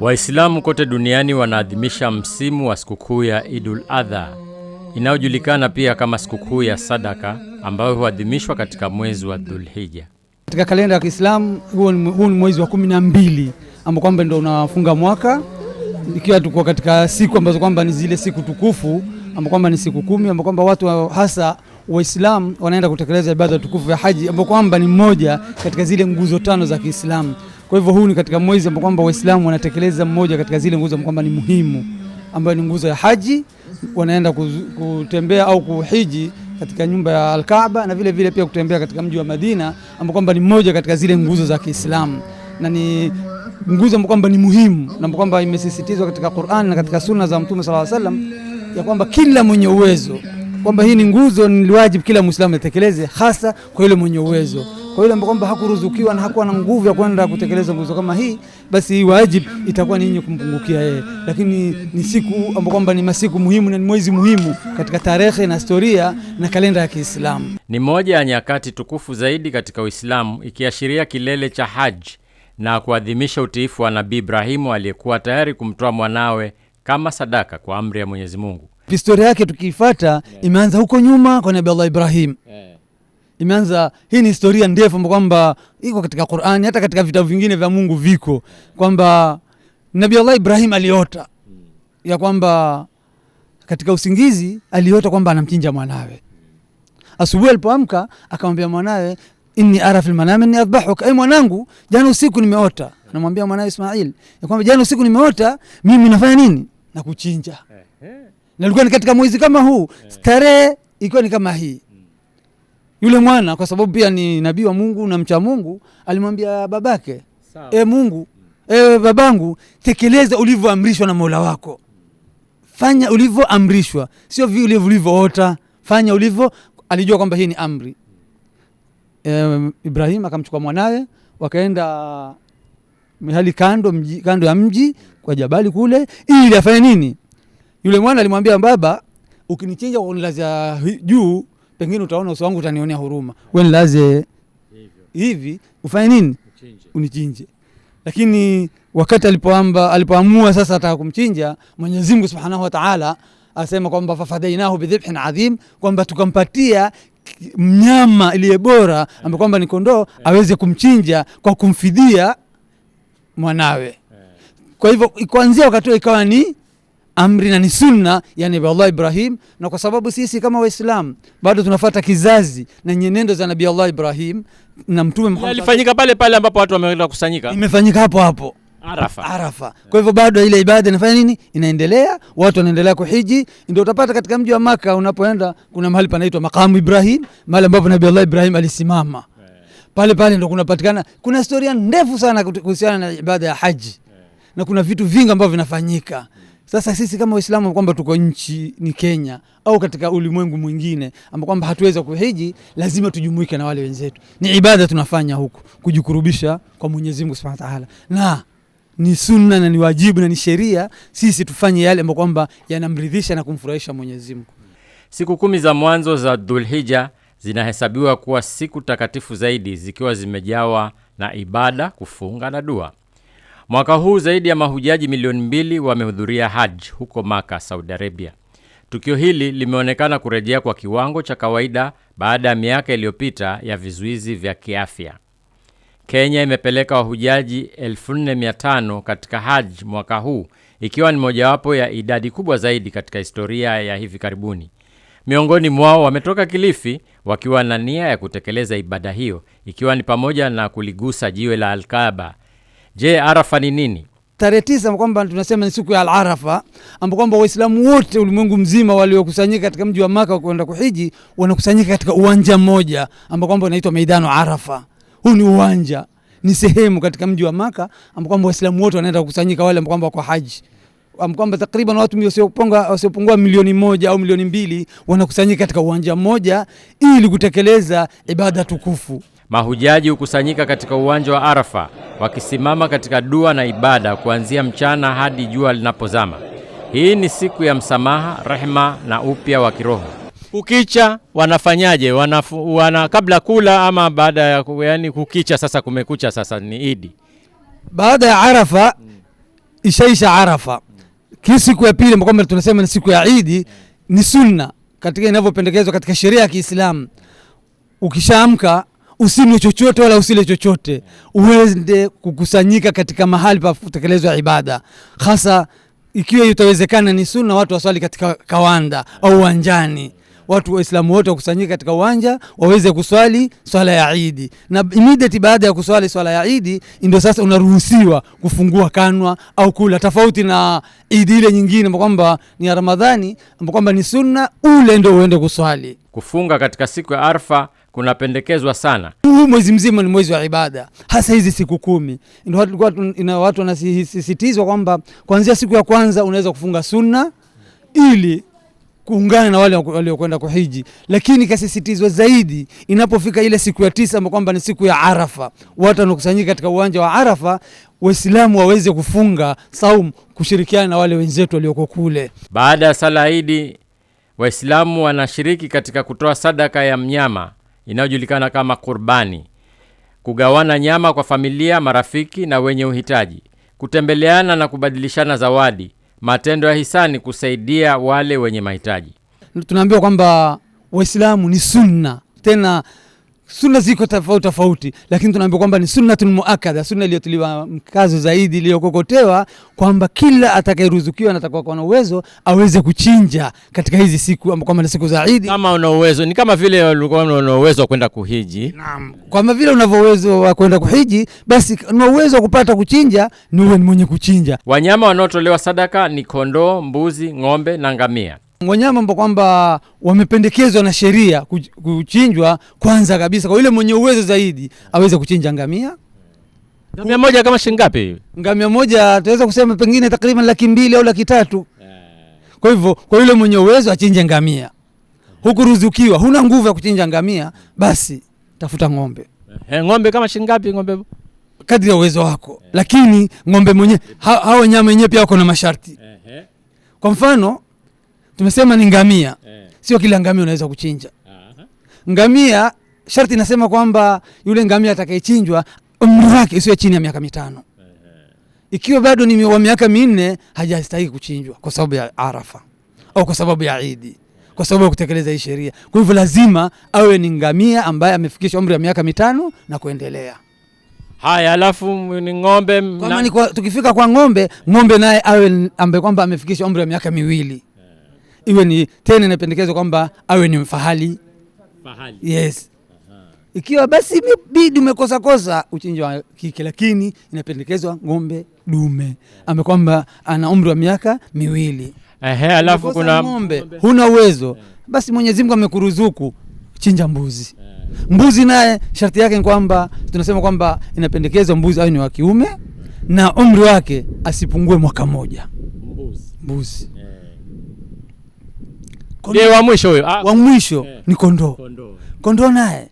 Waislamu kote duniani wanaadhimisha msimu wa sikukuu ya Idul Adha inayojulikana pia kama sikukuu ya sadaka ambayo huadhimishwa katika mwezi wa Dhulhija. Katika kalenda ya Kiislamu huu ni mwezi wa kumi na mbili ambao kwamba ndio unafunga mwaka, ikiwa tuko katika siku ambazo kwamba ni zile siku tukufu ambao kwamba ni siku kumi ambao kwamba watu hasa Waislamu wanaenda kutekeleza ibada tukufu ya haji ambao kwamba ni mmoja katika zile nguzo tano za Kiislamu. Kwa hivyo huu ni katika mwezi ambao kwamba Waislamu wanatekeleza mmoja katika zile nguzo kwamba ni muhimu, ambayo ni nguzo ya haji. Wanaenda kutembea au kuhiji katika nyumba ya Alkaaba na vile vile pia kutembea katika mji wa Madina ambao kwamba ni mmoja katika zile nguzo za Kiislamu na ni nguzo ambao kwamba ni muhimu na kwamba imesisitizwa katika Qur'an na katika sunna za Mtume sallallahu alaihi wasallam ya kwamba kila mwenye uwezo kwamba hii ni nguzo, ni wajibu kila Muislamu atekeleze, hasa kwa yule mwenye uwezo. Kwa yule ambaye kwamba hakuruzukiwa na hakuwa na nguvu ya kwenda kutekeleza nguzo kama hii, basi hii wajibu itakuwa ni kumpungukia yeye, lakini ni siku ambayo kwamba ni masiku muhimu na ni mwezi muhimu katika tarehe na historia na kalenda ya Kiislamu. Ni moja ya nyakati tukufu zaidi katika Uislamu, ikiashiria kilele cha haji na kuadhimisha utiifu wa Nabii Ibrahimu aliyekuwa tayari kumtoa mwanawe kama sadaka kwa amri ya Mwenyezi Mungu. Historia yake tukiifata imeanza huko nyuma kwa Nabii Allah Ibrahim. Eh imeanza hii ni historia ndefu kwamba iko katika Qur'ani, hata katika vitabu vingine vya Mungu viko kwamba Nabii Allah Ibrahim aliota ya kwamba katika usingizi aliota kwamba anamchinja mwanawe. Asubuhi alipoamka akamwambia mwanawe, inni ara fil manami inni adbahuka, ay mwanangu, jana usiku nimeota. Anamwambia mwanawe Ismail ya kwamba jana usiku nimeota mimi nafanya nini? Nakuchinja. Nalikuwa ni katika mwezi kama huu, eh. starehe ilikuwa ni kama hii yule mwana kwa sababu pia ni nabii wa Mungu na mcha Mungu, alimwambia babake, e Mungu, e babangu, tekeleza ulivyoamrishwa na Mola wako, fanya ulivyoamrishwa, sio vile ulivyoota, fanya ulivyo. Alijua kwamba hii ni amri. E, Ibrahim akamchukua mwanawe wakaenda mihali kando, mji, kando ya mji kwa jabali kule, ili afanye nini? Yule mwana alimwambia baba, ukinichinja kwa kunilaza juu pengine utaona uso wangu utanionea huruma, wewe nilaze hivi, ufanye nini? Unichinje. Lakini wakati alipoamba alipoamua sasa ataka kumchinja, Mwenyezi Mungu Subhanahu wa Ta'ala asema kwamba fafadainahu bidhibhin adhim, kwamba tukampatia mnyama iliye bora ambaye kwamba ni kondoo aweze kumchinja kwa kumfidia mwanawe. Kwa hivyo kuanzia wakati ikawa ni amri na ni sunna ya Nabii Allah Ibrahim, na kwa sababu sisi kama Waislamu bado tunafata kizazi na nyenendo za Nabii Allah Ibrahim na Mtume Muhammad. Ilifanyika pale pale ambapo watu wameenda kusanyika, imefanyika hapo hapo Arafa. Arafa. Kwa hivyo bado ile ibada inafanya nini? Inaendelea, watu wanaendelea kuhiji. Ndio utapata katika mji wa Maka unapoenda, kuna mahali panaitwa Makamu Ibrahim, mahali ambapo Nabii Allah Ibrahim alisimama pale pale, ndo kunapatikana. Kuna historia ndefu sana kuhusiana na ibada ya haji na kuna vitu vingi ambavyo vinafanyika sasa sisi kama Waislamu kwamba tuko nchi ni Kenya au katika ulimwengu mwingine ambao kwamba hatuweza kuhiji, lazima tujumuike na wale wenzetu. Ni ibada tunafanya huku kujikurubisha kwa Mwenyezi Mungu Subhanahu wa Ta'ala, na ni sunna na ni wajibu na ni sheria sisi tufanye yale ambayo kwamba yanamridhisha na kumfurahisha Mwenyezi Mungu. Siku kumi za mwanzo za Dhulhija zinahesabiwa kuwa siku takatifu zaidi, zikiwa zimejawa na ibada, kufunga na dua. Mwaka huu zaidi ya mahujaji milioni mbili wamehudhuria Haj huko Maka, Saudi Arabia. Tukio hili limeonekana kurejea kwa kiwango cha kawaida baada ya miaka iliyopita ya vizuizi vya kiafya. Kenya imepeleka wahujaji 4500 katika Haj mwaka huu ikiwa ni mojawapo ya idadi kubwa zaidi katika historia ya hivi karibuni. Miongoni mwao wametoka Kilifi wakiwa na nia ya kutekeleza ibada hiyo ikiwa ni pamoja na kuligusa jiwe la Alkaaba Je, Arafa ni nini? Tarehe tisa kwamba tunasema ni siku ya Al-Arafa ambapo kwamba Waislamu wote ulimwengu mzima waliokusanyika katika mji wa Maka kwenda kuhiji wanakusanyika katika uwanja mmoja ambapo kwamba unaitwa Maidano Arafa. Huu ni uwanja, ni sehemu katika mji wa Maka ambapo kwamba Waislamu wote wanaenda kukusanyika wale ambao kwamba kwa haji kwamba takriban watu wasiopungua milioni moja au milioni mbili wanakusanyika katika uwanja mmoja ili kutekeleza ibada tukufu. Mahujaji hukusanyika katika uwanja wa Arafa wakisimama katika dua na ibada kuanzia mchana hadi jua linapozama. Hii ni siku ya msamaha, rehema na upya wa kiroho. Kukicha wanafanyaje? Wanafu, wana kabla kula ama baada ya yani kukicha? Sasa kumekucha, sasa ni Idi baada ya Arafa, ishaisha Arafa. Hii siku ya pili kwamba tunasema ni siku ya Idi ni sunna katika inavyopendekezwa katika sheria ya Kiislamu. Ukishaamka usinywe chochote wala usile chochote, uende kukusanyika katika mahali pa kutekelezwa ibada, hasa ikiwa itawezekana ni sunna, watu waswali katika kawanda au uwanjani watu Waislamu wote wakusanyika katika uwanja waweze kuswali swala ya Idi, na immediate baada ya kuswali swala ya Idi ndio sasa unaruhusiwa kufungua kanwa au kula, tofauti na Idi ile nyingine kwamba ni ya Ramadhani, kwamba ni sunna, ule ndio uende kuswali. Kufunga katika siku ya Arfa kunapendekezwa sana. Huu mwezi mzima ni mwezi wa ibada, hasa hizi siku kumi. Ndio watu wanasisitizwa kwamba kuanzia siku ya kwanza unaweza kufunga sunna ili kuungana na wale waliokwenda kuhiji, lakini ikasisitizwa zaidi inapofika ile siku ya tisa ambayo kwamba ni siku ya Arafa. Watu wanakusanyika katika uwanja wa Arafa, Waislamu waweze kufunga saum kushirikiana na wale wenzetu walioko kule. Baada ya sala Idi, Waislamu wanashiriki katika kutoa sadaka ya mnyama inayojulikana kama kurbani, kugawana nyama kwa familia, marafiki na wenye uhitaji, kutembeleana na kubadilishana zawadi, matendo ya hisani, kusaidia wale wenye mahitaji. Tunaambiwa kwamba Waislamu ni sunna tena sunna ziko tofauti tofauti, lakini tunaambia kwamba ni sunnatun muakada, sunna iliyotiliwa mkazo zaidi, iliyokokotewa kwamba kila atakayeruzukiwa na atakayokuwa na uwezo aweze kuchinja katika hizi siku ambapo kama siku za Eid, kama una uwezo ni kama vile ulikuwa una uwezo wa kwenda kuhiji. Naam, kama vile unavyo uwezo wa kwenda kuhiji, basi una uwezo wa kupata kuchinja, ni uwe mwenye kuchinja. Wanyama wanaotolewa sadaka ni kondoo, mbuzi, ng'ombe na ngamia. Wanyama ambao kwamba wamependekezwa na sheria kuchinjwa kwanza kabisa, kwa yule mwenye uwezo zaidi aweze kuchinja ngamia. Ngamia moja kama shilingi ngapi? Ngamia moja tunaweza kusema pengine takriban laki mbili au laki tatu. Eh. Kwa hivyo kwa yule mwenye uwezo achinje ngamia. Hukuruzukiwa, huna nguvu ya kuchinja ngamia, basi tafuta ng'ombe. He, eh, ng'ombe kama shilingi ngapi ng'ombe? Kadri ya uwezo wako. Lakini ng'ombe mwenye hao wanyama wenyewe pia wako na masharti. Kwa mfano tumesema ni ngamia eh. Sio kila ngamia unaweza kuchinja. Aha. Ngamia sharti nasema kwamba yule ngamia atakayechinjwa umri wake sio chini ya miaka mitano eh. Ikiwa bado ni wa miaka minne hajastahili kuchinjwa kwa sababu ya Arafa au kwa sababu ya Idi kwa sababu ya kutekeleza hii sheria. Kwa hivyo lazima awe ni ngamia ambaye amefikisha umri wa miaka mitano na kuendelea. Haya, alafu ni ng'ombe na... tukifika kwa ng'ombe, ng'ombe naye awe ambaye kwamba amefikisha umri wa miaka miwili iwe ni tena inapendekezwa kwamba awe ni mfahali fahali. Yes. Aha. Ikiwa basi bidi umekosa kosa uchinji wa kike, lakini inapendekezwa ng'ombe dume ambaye kwamba ana umri wa miaka miwili. Ehe, alafu kuna ng'ombe huna uwezo, eh. basi Mwenyezi Mungu amekuruzuku chinja mbuzi. Eh. Mbuzi naye sharti yake ni kwamba tunasema kwamba inapendekezwa mbuzi awe ni wa kiume na umri wake asipungue mwaka mmoja. Mbuzi. Mbuzi wa mwisho huyo ah. wa mwisho yeah. ni kondoo kondoo, kondoo naye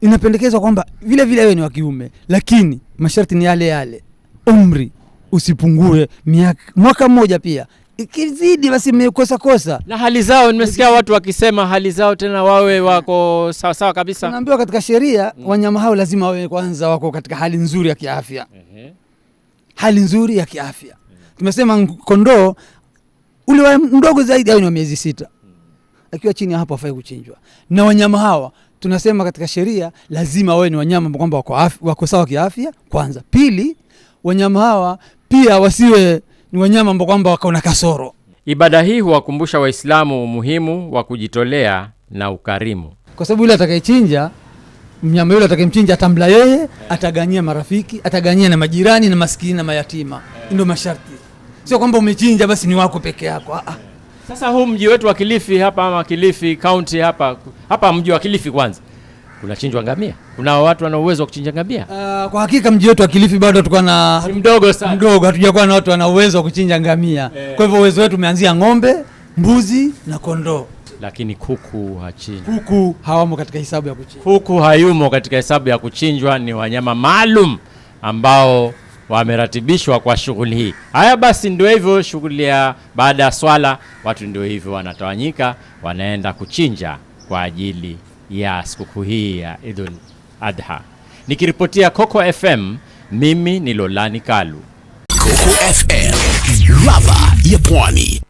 inapendekezwa kwamba vile vile wewe ni wa kiume, lakini masharti ni yale yale, umri usipungue miaka mwaka mmoja pia ikizidi basi mmekosa kosa. Na hali zao nimesikia watu wakisema hali zao tena wawe wako sawa sawa kabisa. Naambiwa katika sheria mm. wanyama hao lazima wawe kwanza wako katika hali nzuri ya kiafya. Hali nzuri ya kiafya. Tumesema kondoo ule mdogo zaidi au ni wa miezi sita, akiwa chini hapo afai kuchinjwa. Na wanyama hawa tunasema katika sheria lazima wawe ni wanyama kwamba wako, wako sawa kiafya kwanza. Pili, wanyama hawa pia wasiwe ni wanyama ambao kwamba wako na kasoro. Ibada hii huwakumbusha Waislamu umuhimu wa kujitolea na ukarimu, kwa sababu yule atakayechinja mnyama yule atakayemchinja atamla yeye, ataganyia marafiki, ataganyia na majirani na maskini na mayatima, ndio masharti sio kwamba umechinja basi ni wako peke yako ah, ah. Sasa huu mji wetu wa Kilifi hapa ama Kilifi County hapa hapa mji wa Kilifi kwanza kunachinjwa ngamia, kuna watu wana uwezo wa kuchinja ngamia? Uh, kwa hakika mji wetu wa Kilifi bado tuko na mdogo sana, mdogo, hatujakuwa na watu wana uwezo wa kuchinja ngamia eh. Kwa hivyo uwezo wetu umeanzia ng'ombe, mbuzi na kondoo lakini kuku hachinjwa, kuku hawamo katika hesabu ya kuchinjwa, kuku hayumo katika hesabu ya kuchinjwa. Ni wanyama maalum ambao wameratibishwa kwa shughuli hii. Haya basi, ndio hivyo shughuli ya baada ya swala, watu ndio hivyo wanatawanyika, wanaenda kuchinja kwa ajili ya sikukuu hii ya Idul Adha. Nikiripotia Coco FM, mimi ni Lolani Kalu, Coco FM, ladha ya Pwani.